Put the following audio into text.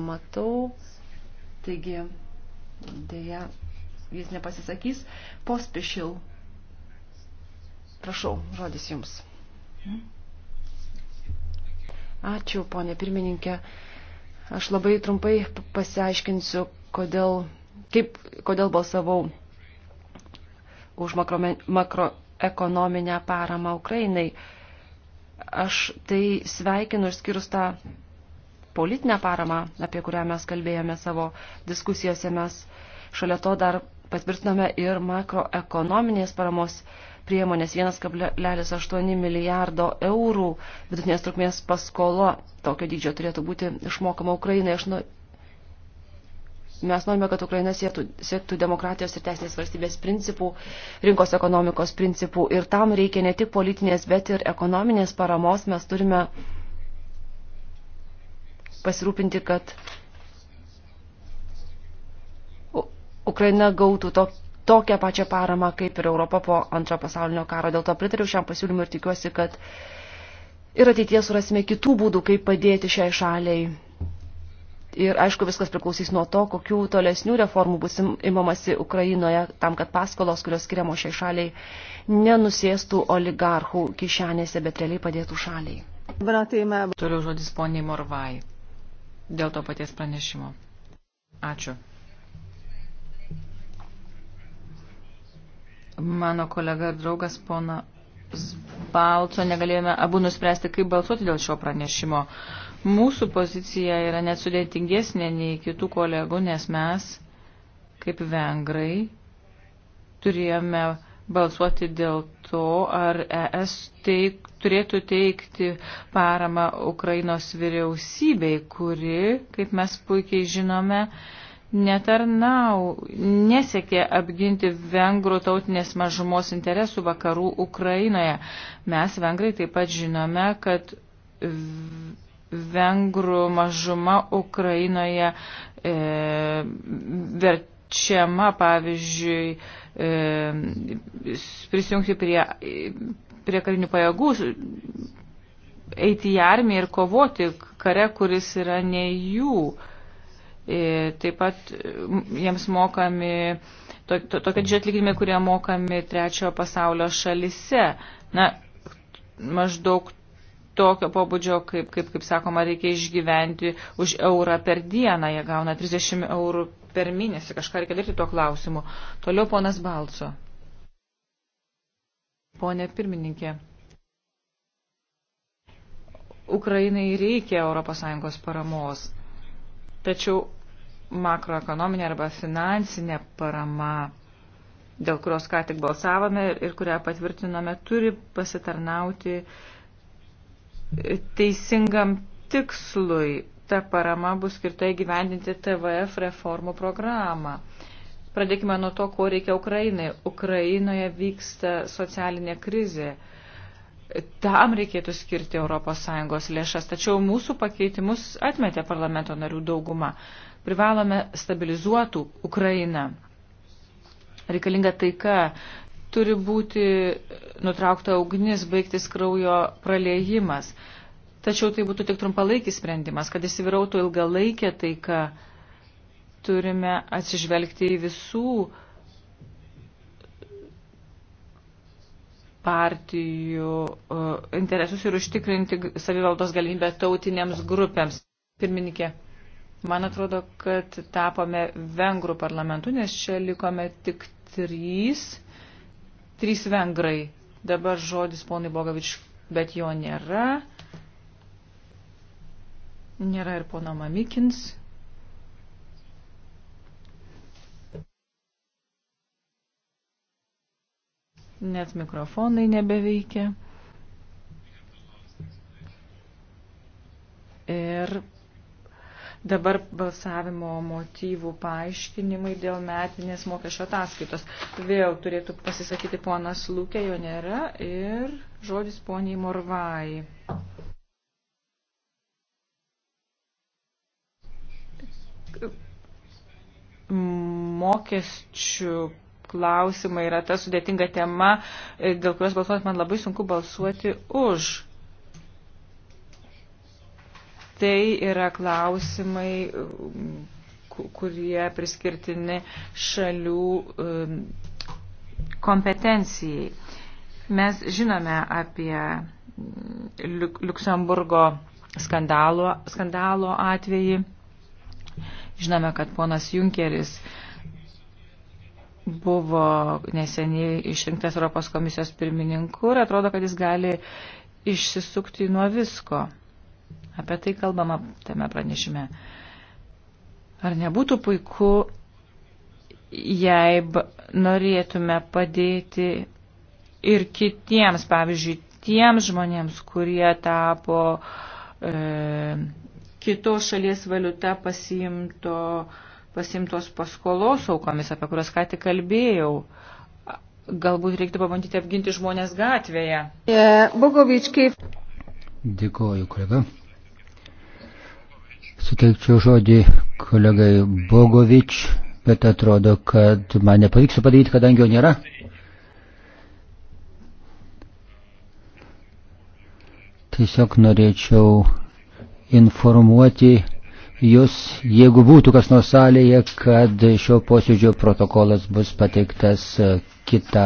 matau, taigi dėja jis nepasisakys. Pospišil, prašau, žodis jums. Ačiū, ponė pirmininkė. Aš labai trumpai pasiaiškinsiu, kodėl, kaip, kodėl balsavau už makrome, makroekonominę paramą Ukrainai. Aš tai sveikinu išskyrus tą politinę paramą, apie kurią mes kalbėjome savo diskusijose, mes šalia to dar patvirtinome ir makroekonominės paramos priemonės 1,8 milijardo eurų vidutinės trukmės paskola tokio dydžio turėtų būti išmokama Ukrainai. Aš nu, mes norime, kad Ukraina siektų, siektų demokratijos ir teisinės valstybės principų, rinkos ekonomikos principų ir tam reikia ne tik politinės, bet ir ekonominės paramos. Mes turime pasirūpinti, kad Ukraina gautų to, tokią pačią paramą kaip ir Europa po antrojo pasaulinio karo. Dėl to pritariu šiam pasiūlymui ir tikiuosi, kad ir ateitie surasime kitų būdų, kaip padėti šiai šaliai. Ir aišku, viskas priklausys nuo to, kokių tolesnių reformų bus imamasi Ukrainoje tam, kad paskolos, kurios skiriamo šiai šaliai, nenusėstų oligarchų kišenėse, bet realiai padėtų šaliai. Toliau žodis poniai Morvai dėl to paties pranešimo. Ačiū. Mano kolega ir draugas pona Balco negalėjome abu nuspręsti, kaip balsuoti dėl šio pranešimo. Mūsų pozicija yra net sudėtingesnė nei kitų kolegų, nes mes, kaip vengrai, turėjome balsuoti dėl to, ar ES teik, turėtų teikti paramą Ukrainos vyriausybei, kuri, kaip mes puikiai žinome, netarnau, nesiekė apginti vengrų tautinės mažumos interesų vakarų Ukrainoje. Mes, vengrai, taip pat žinome, kad vengrų mažuma Ukrainoje e, verčiama, pavyzdžiui, e, E, prisijungti prie, prie karinių pajėgų, eiti į armiją ir kovoti kare, kuris yra ne jų. E, taip pat e, jiems mokami tokie didžiai atlyginimai, kurie mokami trečiojo pasaulio šalise. Na, maždaug tokio pobūdžio, kaip, kaip, kaip sakoma, reikia išgyventi už eurą per dieną, jie gauna 30 eurų per mėnesį, kažką reikia daryti tuo klausimu. Toliau ponas Balco. Pone pirmininkė. Ukrainai reikia ES paramos, tačiau makroekonominė arba finansinė parama, dėl kurios ką tik balsavome ir kurią patvirtinome, turi pasitarnauti uh, teisingam tikslui. Ta parama bus skirta įgyvendinti TVF reformų programą. Pradėkime nuo to, ko reikia Ukrainai. Ukrainoje vyksta socialinė krizė. Tam reikėtų skirti ES lėšas, tačiau mūsų pakeitimus atmetė parlamento narių dauguma. Privalome stabilizuotų Ukrainą. Reikalinga taika, Turi būti nutraukta ugnis, baigtis kraujo praleijimas. Tačiau tai būtų tik trumpalaikis sprendimas, kad įsivyrautų ilgalaikė taika. Turime atsižvelgti į visų partijų e, interesus ir užtikrinti savivaldos galimybę tautinėms grupėms. Pirmininkė, man atrodo, kad tapome vengrų parlamentu, nes čia likome tik trys. Trys vengrai. Dabar žodis ponai Bogavič, bet jo nėra. Nėra ir pono Mamikins. Net mikrofonai nebeveikia. Dabar balsavimo motyvų paaiškinimai dėl metinės mokesčio ataskaitos. Vėl turėtų pasisakyti ponas Lūkė, jo nėra ir žodis poniai Morvai. Mokesčių klausimai yra ta sudėtinga tema, dėl kurios balsuoti man labai sunku balsuoti už tai yra klausimai, um, kurie priskirtini šalių um, kompetencijai. Mes žinome apie mm, Luksemburgo skandalo, skandalo atvejį. Žinome, kad ponas Junkeris buvo neseniai išrinktas Europos komisijos pirmininku ir atrodo, kad jis gali išsisukti nuo visko. Apie tai kalbama tame pranešime. Ar nebūtų puiku, jei norėtume padėti ir kitiems, pavyzdžiui, tiems žmonėms, kurie tapo e, kitos šalies valiuta pasiimto, pasimtos paskolos aukomis, apie kurias ką tik kalbėjau. Galbūt reiktų pabandyti apginti žmonės gatvėje. E, Bogovič, kaip. Dėkoju, kolega. Suteikčiau žodį kolegai Bogovič, bet atrodo, kad man nepavyks padaryti, kadangi jo nėra. Tiesiog norėčiau informuoti jūs, jeigu būtų kas nors salėje, kad šio posėdžio protokolas bus pateiktas kitą.